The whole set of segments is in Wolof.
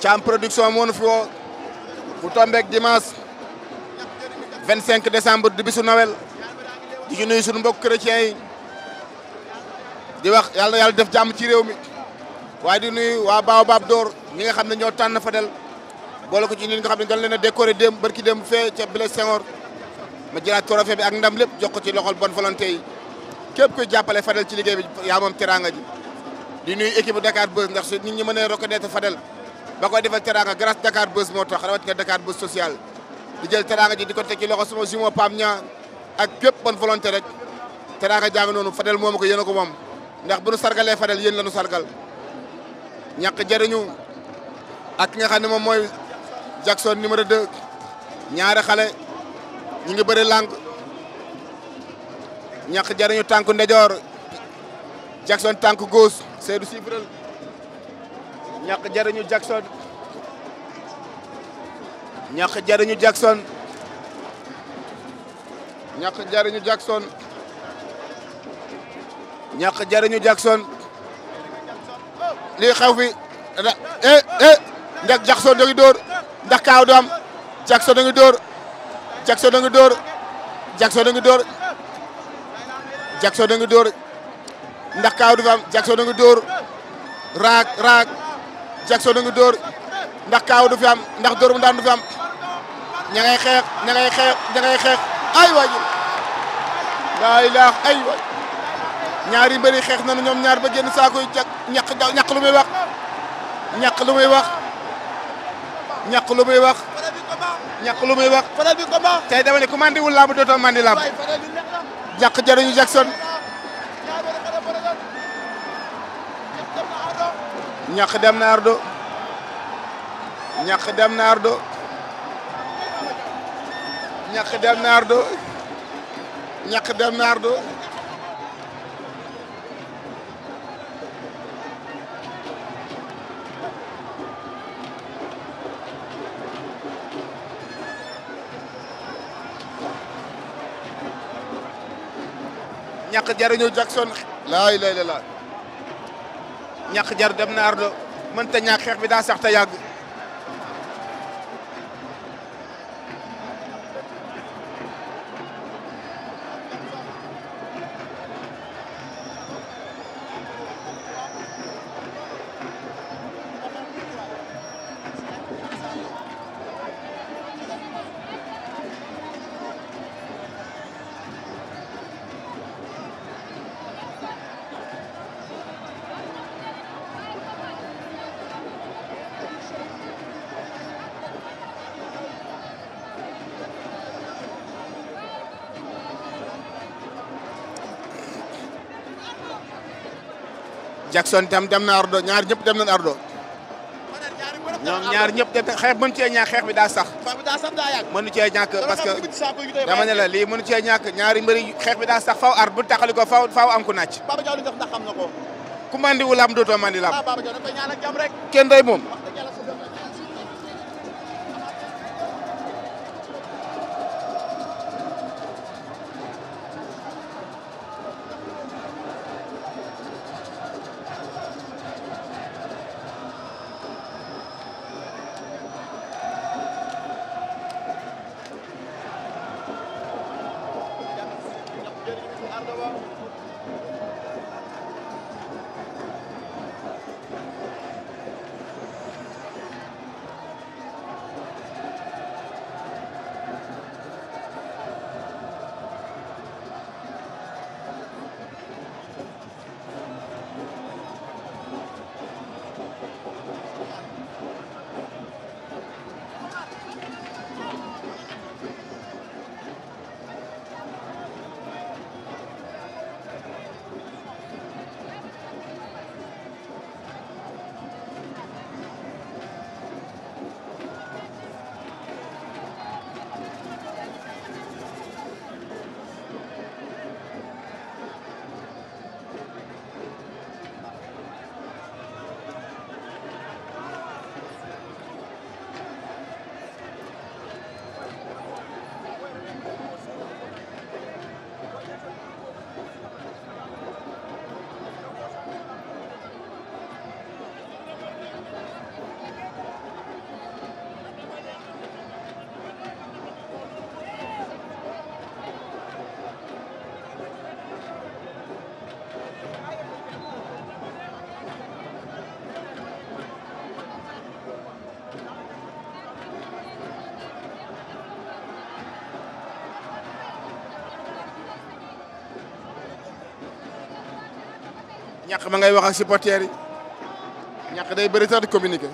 Thiam production moo nu fi woo bu tombeek dimanche 25 décembre di bisu Noël di ci nuyu suñu mbokk chrétiens yi di wax yàlla na yàlla def jàmm ci réew mi waay di nuyu waa Baobab door ñi nga xam ne ñoo tànn Fadel boole ko ci ñi nga xam ne dañ leen a décoré démb barki démb fee ca Blaise Senghor ma jëlaat trophée bi ak ndam lépp jox ko ci loxol bonne volonté yi képp kuy jàppale Fadel ci liggéey bi yaa moom teraanga ji di nuyu équipe Dakar Buzz ndax su nit ñi mënee reconnaître Fadel ba koy defal teraanga grâce Dakar Buzz moo tax rawatina Dakar Buzz social di jël teraanga ji di ko teg ci loxo suma jumo Pam ña ak képp bonne volonté rek teraanga jàng noonu Fadel moomu ko yéen a ko moom ndax bu nu sargalee Fadel yéen la nu sargal ñàkk jëriñu ak ki nga xam ne moom mooy Jackson numéro 2 ñaari xale ñu ngi bëri lànk ñàkk jëriñu tànku ndejoor Jackson tànku gos Seydou Sibral ñàkk jariñu Jackson ñàkk jariñu Jackson ñàkk jariñu Jackson ñàkk jariñu Jackson lii xew fi eh eh ndax Jackson da ngi dóor ndax kaaw du am Jackson da ngi dóor Jackson da ngi dóor Jackson da ngi dóor Jackson da ngi dóor ndax kaaw du am Jackson da ngi dóor raak raak Jackson a ngi dóor ndax kaaw du fi am ndax dóor mu daan du fi am ña ngay xeex ña ngay xeex ña ngay xeex ay waay ji laa ilaah ay waay ñaari mbëri xeex nañu ñoom ñaar ba génn saako yi jak ñàq ñàq lu muy wax ñàq lu muy wax ñàq lu muy wax ñàq lu muy wax tey dama ne ku wu wul làmb dootoo mandi làmb ñàq jaruñu Jackson ñax dem na Ardo ñax dem na Ardo ñax dem na Ardo ñax dem na Ardo ñax jar dem naar ardo mënta ñàkk xeex bi daa sax te yàgg Jackson tam dem na Ardo ñaar ñëpp dem nañ Ardo. ñoom ñaar ñëpp dem na xeex mënu cee ñàkk xeex bi daa sax. mënu cee ñàkk parce que dama ne la lii mënu cee ñàkk ñaari xeex bi daa sax faaw ar bu taxali ko faaw am ku nàcc. ku mandi wu laam dootoo mandi laam. Ah, kenn day moom. waaw. ñàkk ma ngay wax ak supporters yi ñàkk day bëri sax di communiquer.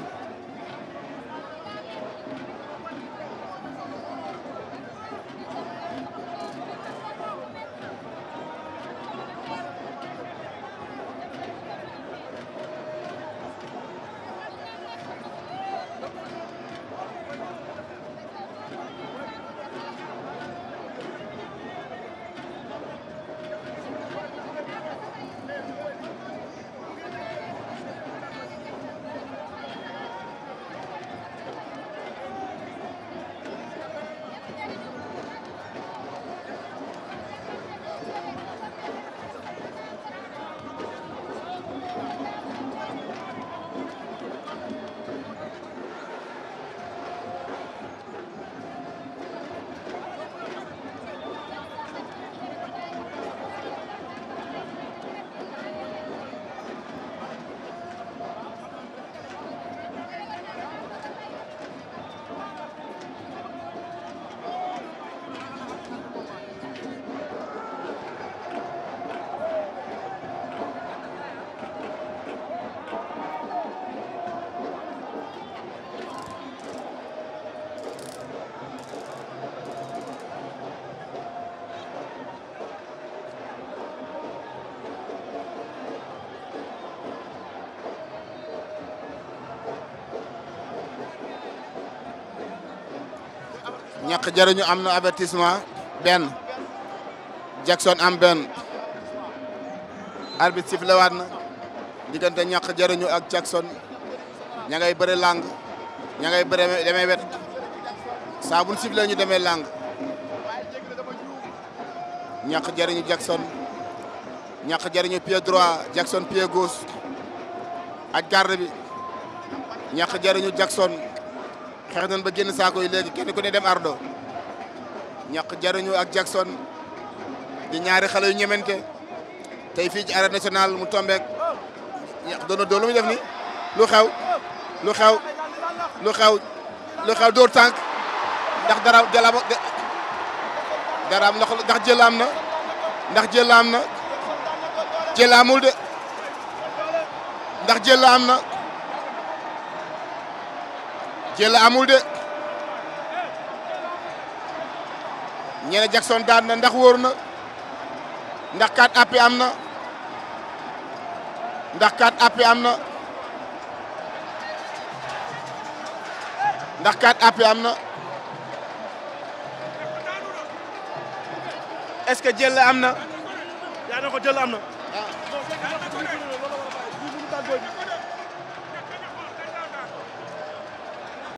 ñàkk jariñu am na avertissement benn Jackson am benn arbitre sifflé waat na diggante ñàkk jariñu ak Jackson ña ngay bëre lang ña ngay bëre demee wet saa ñu demee lang ñàkk jariñu Jackson ñàkk jariñu pied droit Jackson pied gauche ak garde bi ñàkk jariñu Jackson xeex nañ ba génn saako yi léegi kenn ku ne dem ardo ñaq jariñu ak Jackson di ñaari xale yu ñemente tey fii ci arène nationale mu tombeek ñaq doona doo lu muy def lu xew lu xew lu xew lu xew dóor tànk ndax dara jalaam daraam ndax ndax jëlaam na ndax jëlaam na jëlaamul de ndax na jël amul de ñene Jackson daan na ndax wóor na ndax kat appi am na ndax kat appi am na ndax kat appi am na est-ce que jël am na yaa am na ah.